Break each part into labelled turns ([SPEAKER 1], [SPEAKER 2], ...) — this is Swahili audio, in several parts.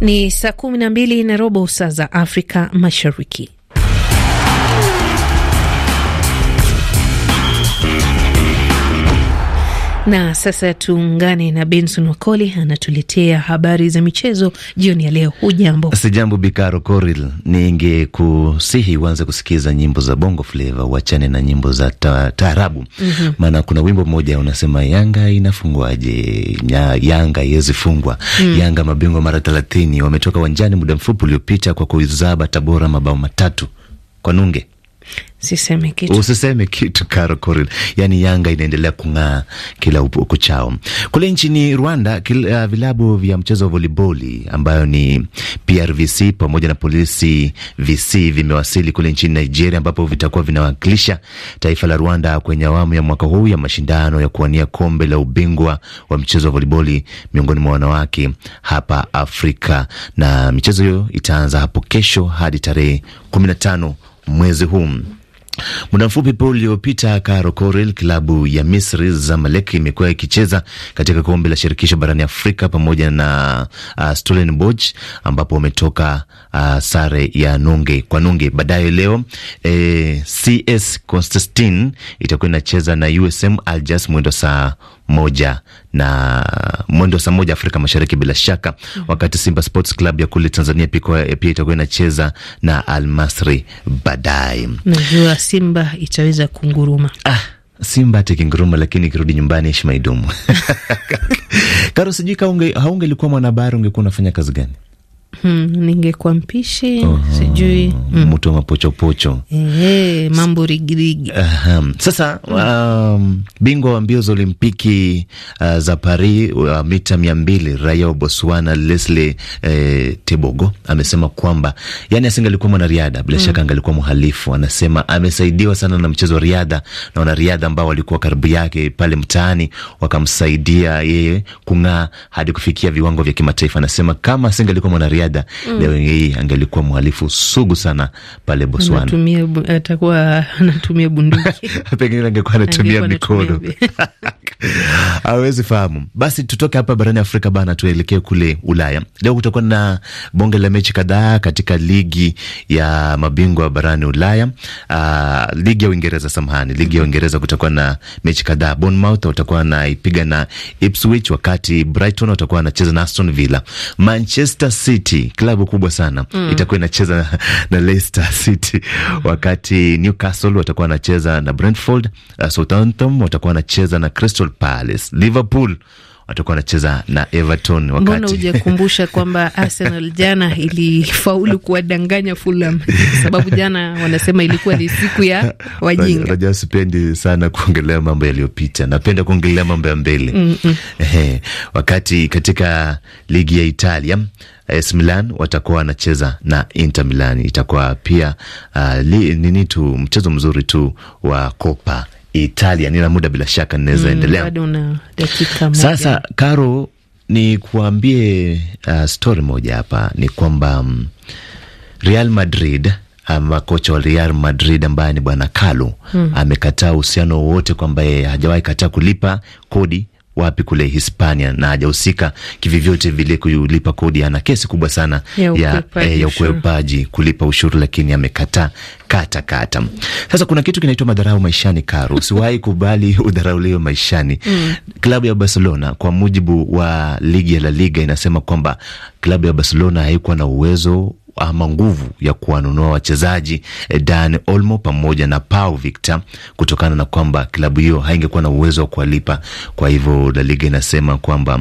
[SPEAKER 1] Ni saa kumi na mbili na robo saa za Afrika Mashariki. Na sasa tuungane na Benson Wakoli anatuletea habari za michezo jioni ya leo. Hujambo?
[SPEAKER 2] Sijambo Bikaro Koril, ningekusihi uanze kusikiza nyimbo za bongo fleva, uachane na nyimbo za taarabu ta mhm. maana, mm -hmm. kuna wimbo mmoja unasema Yanga inafungwaje? Yanga iwezi fungwa. mm. Yanga mabingwa mara thelathini, wametoka uwanjani muda mfupi uliopita kwa kuizaba Tabora mabao matatu kwa nunge
[SPEAKER 1] Siseme kitu.
[SPEAKER 2] Usiseme kitu Karo Coril. Yani Yanga inaendelea kung'aa kila kuchao. Kule nchini Rwanda kila, uh, vilabu vya mchezo wa voliboli ambayo ni PRVC pamoja na Polisi VC vimewasili kule nchini Nigeria ambapo vitakuwa vinawakilisha taifa la Rwanda kwenye awamu ya mwaka huu ya mashindano ya kuwania kombe la ubingwa wa mchezo wa voliboli miongoni mwa wanawake hapa Afrika na michezo hiyo itaanza hapo kesho hadi tarehe 15 mwezi huu. Muda mfupi pa uliopita Karo Corel, klabu ya Misri Zamalek imekuwa ikicheza katika kombe la shirikisho barani Afrika pamoja na uh, Stellenbosch ambapo wametoka uh, sare ya nunge kwa nunge. Baadaye leo eh, CS Constantine itakuwa inacheza na USM Aljas mwendo saa moja na mwendo saa moja Afrika Mashariki bila shaka mm -hmm. Wakati Simba Sports Club ya kule Tanzania pia itakuwa inacheza na Almasri baadaye.
[SPEAKER 1] Najua Simba itaweza kunguruma ah.
[SPEAKER 2] Simba hata ikinguruma, lakini ikirudi nyumbani heshima idumu.
[SPEAKER 1] Karo, sijui haunge likuwa mwanahabari,
[SPEAKER 2] ungekuwa unafanya kazi gani?
[SPEAKER 1] Hmm, ningekuwa mpishi uh -huh. Sijui
[SPEAKER 2] hmm. mtu wa mapochopocho
[SPEAKER 1] ehe, mambo rigirigi
[SPEAKER 2] uh -huh. Sasa hmm. um, bingwa wa mbio za Olimpiki uh, za Paris uh, mita mia mbili raia wa Botswana Leslie eh, Tebogo amesema kwamba yani asingalikuwa mwanariadha bila hmm. shaka angalikuwa mhalifu. Anasema amesaidiwa sana na mchezo wa riadha na wanariadha ambao walikuwa karibu yake pale mtaani wakamsaidia yeye kung'aa hadi kufikia viwango vya kimataifa. Anasema kama asingalikuwa mwanariadha ziada mm. Leo hii angelikuwa mhalifu sugu sana pale Botswana,
[SPEAKER 1] atakuwa anatumia bunduki
[SPEAKER 2] pengine angekuwa anatumia mikono hawezi fahamu. Basi tutoke hapa barani Afrika bana, tuelekee kule Ulaya. Leo kutakuwa na bonge la mechi kadhaa katika ligi ya mabingwa barani Ulaya. Uh, ligi ya Uingereza, samahani, ligi ya mhm. Uingereza kutakuwa na mechi kadhaa. Bournemouth watakuwa wanaipiga na Ipswich, wakati Brighton watakuwa wanacheza na Aston Villa. Manchester City, klabu kubwa sana mm, itakuwa inacheza na, na Leicester City, mm. wakati Newcastle watakuwa wanacheza na Brentford. Uh, Southampton watakuwa wanacheza na Crystal Crystal Palace. Liverpool watakuwa wanacheza na Everton. Wakati mbona
[SPEAKER 1] hujakumbusha kwamba Arsenal jana ilifaulu kuwadanganya Fulham, sababu jana wanasema ilikuwa ni siku ya wajinga.
[SPEAKER 2] Najua sipendi sana kuongelea mambo yaliyopita, napenda kuongelea mambo ya mbele mm -mm. wakati katika ligi ya Italia AS Milan watakuwa wanacheza na Inter Milan, itakuwa pia uh, nini tu mchezo mzuri tu wa Copa Italia. Nina muda bila shaka ninaweza mm, endelea.
[SPEAKER 1] Mm, sasa
[SPEAKER 2] Karo, ni kuambie uh, stori moja hapa ni kwamba um, Real Madrid ama kocha wa Real Madrid ambaye ni bwana Carlo hmm, amekataa uhusiano wowote kwamba yeye hajawahi kataa kulipa kodi wapi kule Hispania na hajahusika kivyovyote vile kulipa kodi. Ana kesi kubwa sana ya, ya, eh, ya ukwepaji kulipa ushuru, lakini amekataa kata kata. Sasa kuna kitu kinaitwa madharau maishani, Karo. Usiwahi kubali udharauliwe maishani. Mm. Klabu ya Barcelona kwa mujibu wa ligi ya La Liga inasema kwamba klabu ya Barcelona haikuwa na uwezo ama nguvu ya kuwanunua wachezaji eh, Dan Olmo pamoja na Pau Victor, kutokana na kwamba klabu hiyo haingekuwa na uwezo wa kuwalipa. Kwa hivyo La Liga inasema kwamba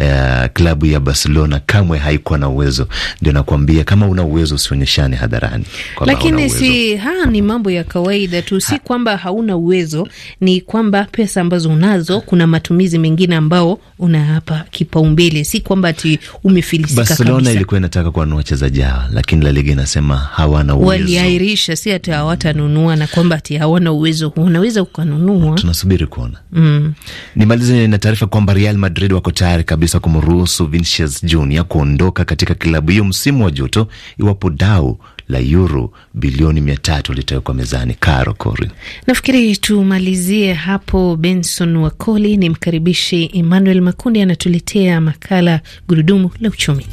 [SPEAKER 2] uh, klabu ya Barcelona kamwe haikuwa na uwezo. Ndio nakwambia kama una uwezo usionyeshane hadharani, lakini si
[SPEAKER 1] ha, ni mambo ya kawaida tu, si ha, kwamba hauna uwezo, ni kwamba pesa ambazo unazo kuna matumizi mengine ambao unayapa kipaumbele, si kwamba ati umefilisika. Barcelona ilikuwa
[SPEAKER 2] inataka kuwanua wachezaji hawa, lakini La Liga inasema hawana uwezo, waliahirisha,
[SPEAKER 1] si ati hawatanunua na kwamba ati hawana uwezo, wanaweza ukanunua.
[SPEAKER 2] Tunasubiri kuona mm. Nimalize na taarifa kwamba Real Madrid wako tayari kabisa kabisa kumruhusu Vinicius Junior kuondoka katika klabu hiyo msimu wa joto iwapo dau la yuro bilioni mia tatu litawekwa mezani. Karo Corin,
[SPEAKER 1] nafikiri tumalizie hapo. Benson Wakoli ni mkaribishi Emmanuel Makundi anatuletea makala gurudumu la uchumi.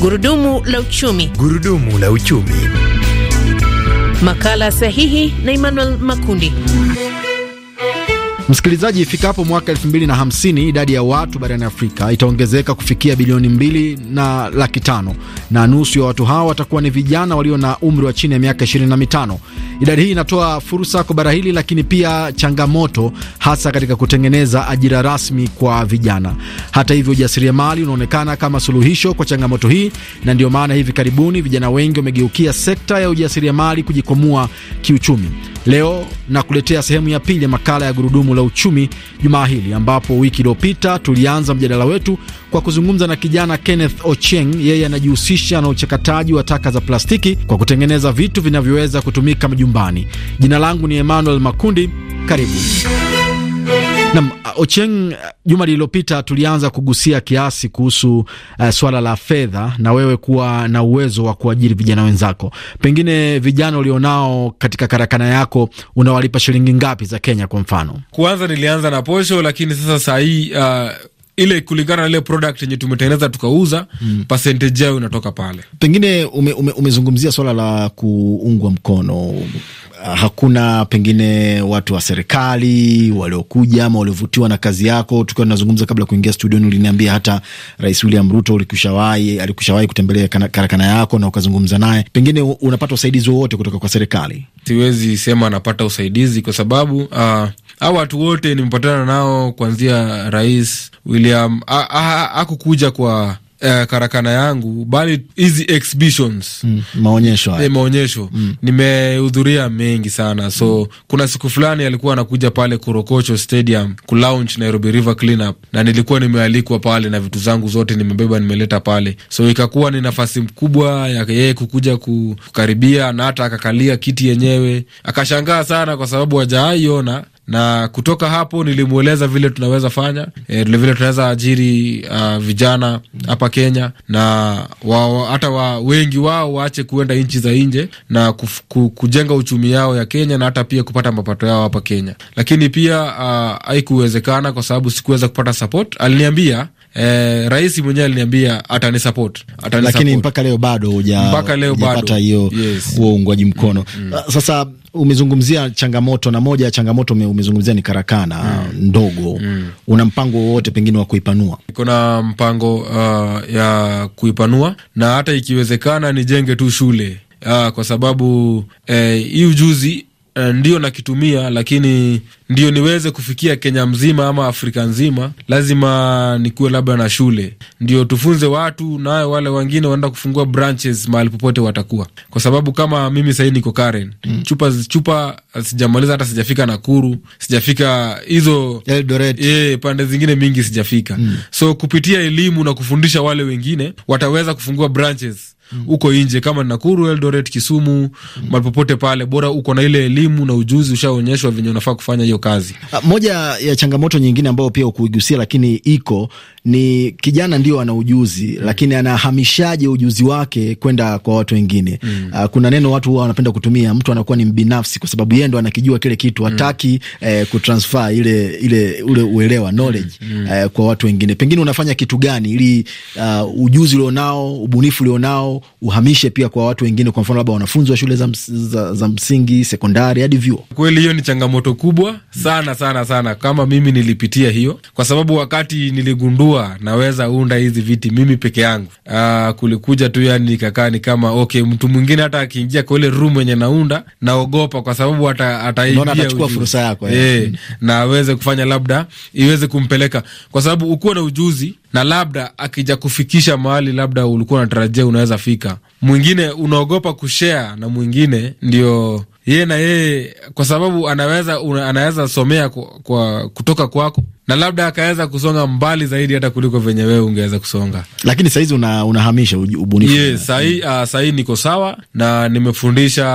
[SPEAKER 1] Gurudumu la uchumi,
[SPEAKER 3] gurudumu la uchumi.
[SPEAKER 1] Makala sahihi na Emmanuel Makundi.
[SPEAKER 3] Msikilizaji, ifikapo mwaka 2050 idadi ya watu barani Afrika itaongezeka kufikia bilioni mbili na laki tano na nusu ya watu hawa watakuwa ni vijana walio na umri wa chini ya miaka 25. Idadi hii inatoa fursa kwa bara hili, lakini pia changamoto, hasa katika kutengeneza ajira rasmi kwa vijana. Hata hivyo, ujasiriamali unaonekana kama suluhisho kwa changamoto hii, na ndio maana hivi karibuni vijana wengi wamegeukia sekta ya ujasiriamali kujikomua kiuchumi. Leo nakuletea sehemu ya pili ya makala ya gurudumu la uchumi jumaa hili, ambapo wiki iliyopita tulianza mjadala wetu kwa kuzungumza na kijana Kenneth Ocheng. Yeye anajihusisha na uchakataji wa taka za plastiki kwa kutengeneza vitu vinavyoweza kutumika majumbani. Jina langu ni Emmanuel Makundi, karibu. Nam uh, Ocheng, uh, juma lililopita tulianza kugusia kiasi kuhusu uh, swala la fedha na wewe kuwa na uwezo wa kuajiri vijana wenzako. Pengine vijana ulionao katika karakana yako unawalipa shilingi ngapi za Kenya kwa mfano?
[SPEAKER 4] Kwanza nilianza na posho, lakini sasa sahii uh ile kulingana na ile product yenye tumetengeneza tukauza, mm. percentage yao inatoka pale.
[SPEAKER 3] Pengine ume, ume, umezungumzia swala la kuungwa mkono hakuna pengine watu wa serikali waliokuja ama waliovutiwa na kazi yako? Tukiwa tunazungumza kabla ya kuingia studioni, uliniambia hata Rais William Ruto ulikushawahi, alikushawahi kutembelea karakana yako na ukazungumza naye, pengine unapata usaidizi wowote kutoka kwa serikali?
[SPEAKER 4] Siwezi sema anapata usaidizi kwa sababu uh, ah, a watu wote nimepatana nao kuanzia Rais William ah, ah, hakukuja kwa Uh, karakana yangu bali hizi exhibitions
[SPEAKER 3] mm, maonyesho, e,
[SPEAKER 4] maonyesho. Mm. Nimehudhuria mengi sana so mm. Kuna siku fulani alikuwa anakuja pale Korokocho Stadium launch Nairobi River Cleanup na nilikuwa nimealikwa pale na vitu zangu zote nimebeba nimeleta pale, so ikakuwa ni nafasi mkubwa ya yeye kukuja kukaribia na hata akakalia kiti yenyewe akashangaa sana kwa sababu hajaiona na kutoka hapo nilimweleza vile tunaweza fanya eh, e, vilevile tunaweza ajiri uh, vijana hapa Kenya na hata wa, wa, wengi wao waache kuenda nchi za nje na kuf, ku, kujenga uchumi yao ya Kenya na hata pia kupata mapato yao hapa Kenya, lakini pia uh, kwa sababu sikuweza kupata support. Aliniambia eh, rais mwenyewe aliniambia atanisupport, atanisupport, lakini mpaka
[SPEAKER 3] leo bado hujapata hiyo uungwaji mkono. mm, mm. Sasa umezungumzia changamoto na moja ya changamoto umezungumzia ni karakana mm. ndogo mm. una mpango wowote pengine wa kuipanua?
[SPEAKER 4] Kuna mpango uh, ya kuipanua na hata ikiwezekana nijenge tu shule uh, kwa sababu eh, hii eh, ujuzi Eh, ndio nakitumia, lakini ndio niweze kufikia Kenya mzima ama Afrika nzima, lazima nikuwe labda na shule, ndio tufunze watu, nayo wale wengine waenda kufungua branches mahali popote watakuwa, kwa sababu kama mimi sahii niko Karen mm. chupa chupa eh, sijamaliza, hata sijafika Nakuru, sijafika hizo Eldoret, eh, pande zingine mingi sijafika mm. so kupitia elimu na kufundisha wale wengine wataweza kufungua branches mm. nje kama Nakuru, Eldoret, Kisumu, mm. malipopote pale, bora uko na ile elimu na ujuzi, ushaonyeshwa venye
[SPEAKER 3] unafaa kufanya hiyo kazi. Ah, moja ya changamoto nyingine ambayo pia ukuigusia, lakini iko ni kijana ndio ana ujuzi mm. lakini anahamishaje ujuzi wake kwenda kwa watu wengine? mm. Uh, kuna neno watu huwa wanapenda kutumia, mtu anakuwa ni mbinafsi kwa sababu yeye ndo anakijua kile kitu, mm. hataki mm. eh, kutransfer ile ile ule uelewa knowledge mm. mm. eh, kwa watu wengine. Pengine unafanya kitu gani ili uh, ujuzi ulionao, ubunifu ulionao uhamishe pia kwa watu wengine, kwa mfano labda wanafunzi wa shule za, ms za, za msingi, sekondari hadi vyuo?
[SPEAKER 4] Kweli hiyo ni changamoto kubwa sana sana sana, kama mimi nilipitia hiyo, kwa sababu wakati niligundua sikuwa naweza unda hizi viti mimi peke yangu. Aa, ah, kulikuja tu yani ikakaa ni kama okay, mtu mwingine hata akiingia kwa ile room yenye naunda naogopa, kwa sababu ataichukua fursa yako e, na aweze kufanya labda iweze kumpeleka, kwa sababu ukuwa na ujuzi na labda akija kufikisha mahali labda ulikuwa unatarajia unaweza fika, mwingine unaogopa kushare na mwingine ndio ye na yeye, kwa sababu anaweza una, anaweza somea kwa, kwa kutoka kwako na labda akaweza kusonga mbali zaidi hata kuliko
[SPEAKER 3] venye wewe ungeweza kusonga, lakini sahizi una, unahamisha ubunifu yes,
[SPEAKER 4] sahi, uh, ah, sahi niko sawa na nimefundisha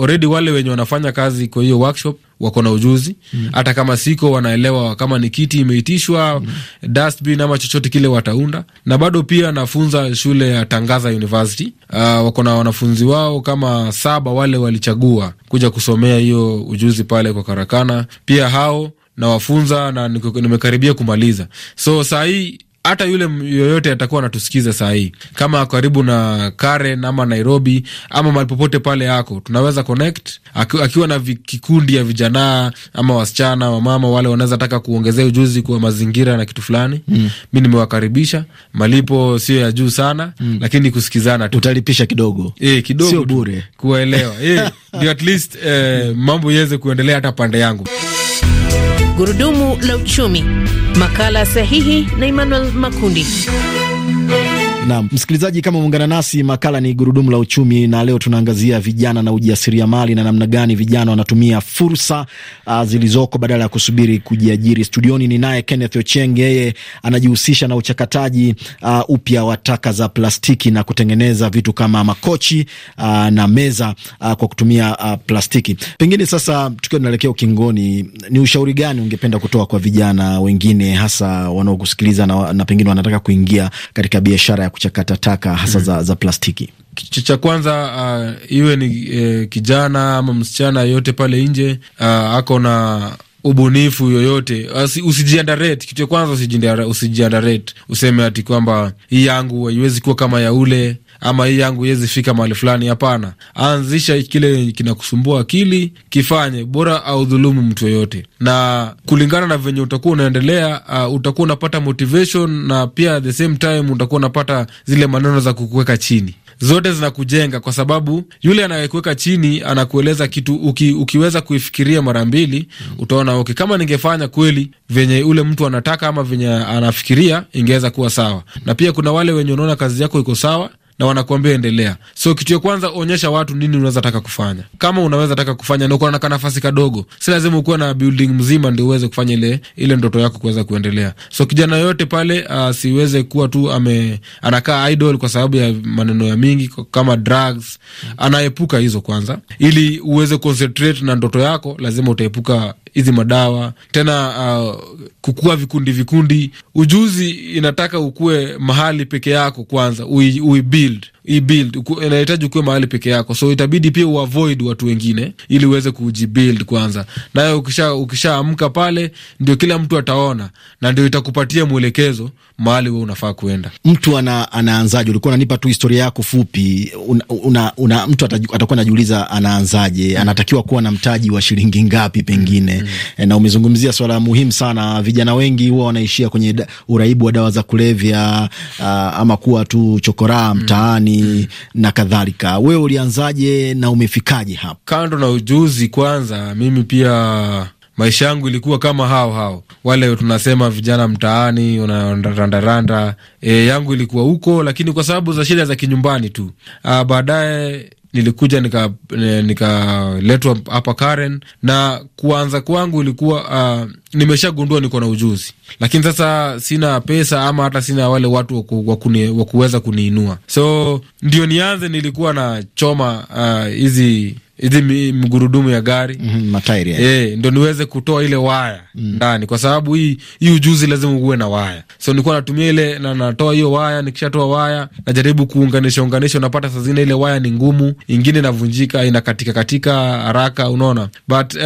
[SPEAKER 4] already wale wenye wanafanya kazi kwa hiyo workshop wako na ujuzi mm. hata mm. kama siko wanaelewa kama ni kiti imeitishwa mm. dustbin ama chochote kile wataunda. Na bado pia nafunza shule ya Tangaza University. Uh, wako na wanafunzi wao kama saba wale walichagua kuja kusomea hiyo ujuzi pale kwa karakana. Pia hao nawafunza na nimekaribia kumaliza. So saa hii hata yule yoyote atakuwa anatusikiza saa hii, kama karibu na Karen ama Nairobi ama mahali popote pale yako, tunaweza connect aki, akiwa na kikundi ya vijana ama wasichana wamama wale wanaweza taka kuongezea ujuzi kwa mazingira na kitu fulani mm. Mi nimewakaribisha, malipo sio ya juu sana mm. Lakini kusikizana tu, utalipisha kidogo e, kidogo, sio bure, kuwaelewa e, eh, ndio at least eh, mambo iweze kuendelea hata pande yangu
[SPEAKER 1] Gurudumu la uchumi, makala sahihi na Emmanuel Makundi.
[SPEAKER 3] Naam, msikilizaji, kama umeungana nasi, makala ni gurudumu la uchumi, na leo tunaangazia vijana na ujasiriamali na namna gani vijana wanatumia fursa uh, zilizoko badala ya kusubiri kujiajiri. Studioni ni naye Kenneth Ocheng, yeye anajihusisha na uchakataji uh, upya wa taka za plastiki na kutengeneza vitu kama makochi uh, na meza uh, kwa kutumia uh, plastiki. Pengine sasa tukiwa tunaelekea ukingoni, ni ushauri gani ungependa kutoa kwa vijana wengine hasa wanaokusikiliza na, na pengine wanataka kuingia katika biashara ya kuchakata taka hasa mm za, za plastiki?
[SPEAKER 4] Kitu cha kwanza uh, iwe ni eh, kijana ama msichana yoyote pale nje uh, ako na ubunifu yoyote usijiandarate. Kitu cha kwanza usijiandarate, useme ati kwamba hii yangu haiwezi kuwa kama ya ule ama hii yangu iwezi fika mahali fulani. Hapana, anzisha kile kinakusumbua akili, kifanye bora au dhulumu mtu yoyote, na kulingana na venye utakuwa unaendelea, uh, utakuwa unapata motivation na pia the same time utakuwa unapata zile maneno za kukuweka chini zote zinakujenga kwa sababu yule anayekuweka chini anakueleza kitu uki, ukiweza kuifikiria mara mbili mm. Utaona okay, kama ningefanya kweli venye ule mtu anataka ama venye anafikiria ingeweza kuwa sawa. Na pia kuna wale wenye unaona kazi yako iko sawa, na wanakuambia endelea. So kitu ya kwanza, onyesha watu nini unaweza taka kufanya. Kama unaweza taka kufanya na uko na nafasi kadogo, si lazima ukuwa na building mzima ndio uweze kufanya ile ile ndoto yako kuweza kuendelea. So kijana yote pale asiweze ah, kuwa tu ame anakaa idol kwa sababu ya maneno ya mingi kama drugs, anaepuka hizo kwanza, ili uweze concentrate na ndoto yako. Lazima utaepuka hizi madawa tena, uh, kukua vikundi vikundi. Ujuzi inataka ukue mahali peke yako kwanza, ui, ui build ibuild inahitaji ukuwe mahali peke yako, so itabidi pia uavoid watu wengine ili uweze kujibuild kwanza. Nayo ukisha ukishaamka pale, ndio kila mtu ataona na ndio itakupatia mwelekezo mahali wewe unafaa kuenda.
[SPEAKER 3] Mtu ana, anaanzaje? Ulikuwa unanipa tu historia yako fupi, una, una, una mtu atakuwa anajiuliza anaanzaje, hmm. anatakiwa kuwa na mtaji wa shilingi ngapi pengine? mm -hmm. Na umezungumzia swala muhimu sana. Vijana wengi huwa wanaishia kwenye uraibu wa dawa za kulevya, uh, ama kuwa tu chokoraa hmm. mtaani mm na kadhalika. Wewe ulianzaje na umefikaje hapa?
[SPEAKER 4] Kando na ujuzi, kwanza mimi pia maisha yangu ilikuwa kama hao hao wale tunasema vijana mtaani unarandaranda. E, yangu ilikuwa huko, lakini kwa sababu za shida za kinyumbani tu. Ah, baadaye nilikuja nikaletwa nika hapa Karen, na kuanza kwangu ilikuwa uh, nimeshagundua niko na ujuzi, lakini sasa sina pesa ama hata sina wale watu wa kuweza kuniinua, so ndio nianze, nilikuwa na choma uh, hizi uh, hizi mgurudumu ya gari mm -hmm, matairi E, eh, ndo niweze kutoa ile waya mm. ndani mm. Kwa sababu hii hii ujuzi lazima uwe na waya, so nilikuwa natumia ile na natoa hiyo waya. Nikishatoa waya najaribu kuunganisha unganisha, unapata saa zingine ile waya ni ngumu, ingine inavunjika inakatika katika haraka, unaona but uh,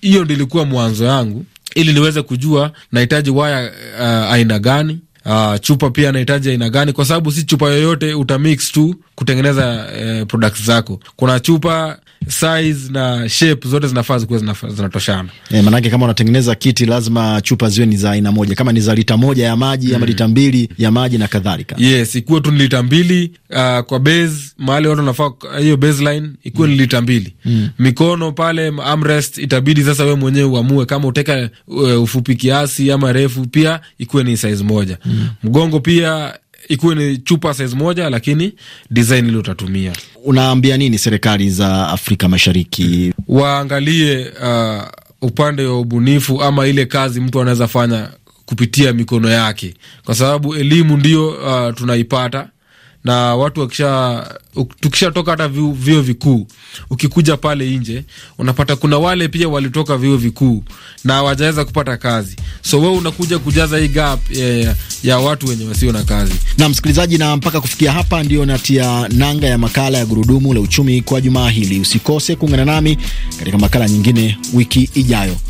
[SPEAKER 4] hiyo uh, ndo ilikuwa mwanzo yangu ili niweze kujua nahitaji waya uh, aina gani uh, chupa pia anahitaji aina gani, kwa sababu si chupa yoyote utamix tu kutengeneza eh, products zako. Kuna chupa size na shape zote zinafaa zikuwe zinatoshana.
[SPEAKER 3] Yeah, maanake kama unatengeneza kiti lazima chupa ziwe ni za aina moja, kama ni za lita moja ya maji mm, ama lita mbili ya maji na kadhalika.
[SPEAKER 4] Yes, ikuwe tu ni lita mbili uh, kwa base mahali watu wanafaa hiyo baseline ikuwe mm, ni lita mbili mm. Mikono pale armrest itabidi sasa we mwenyewe uamue kama utaka uh, eh, ufupi kiasi ama refu, pia ikuwe ni size moja mm. Mgongo pia ikuwe ni chupa size moja, lakini design ile utatumia. Unaambia
[SPEAKER 3] nini serikali za Afrika Mashariki?
[SPEAKER 4] Waangalie uh, upande wa ubunifu ama ile kazi mtu anaweza fanya kupitia mikono yake, kwa sababu elimu ndio uh, tunaipata na watu wakisha tukishatoka hata vio vikuu, ukikuja pale nje unapata kuna wale pia walitoka vio vikuu na wajaweza kupata kazi, so wewe unakuja kujaza hii gap ya, eh, ya watu wenye wasio na kazi.
[SPEAKER 3] Na msikilizaji, na mpaka kufikia hapa ndio natia nanga ya makala ya gurudumu la uchumi kwa jumaa hili. Usikose kuungana nami katika makala nyingine wiki ijayo.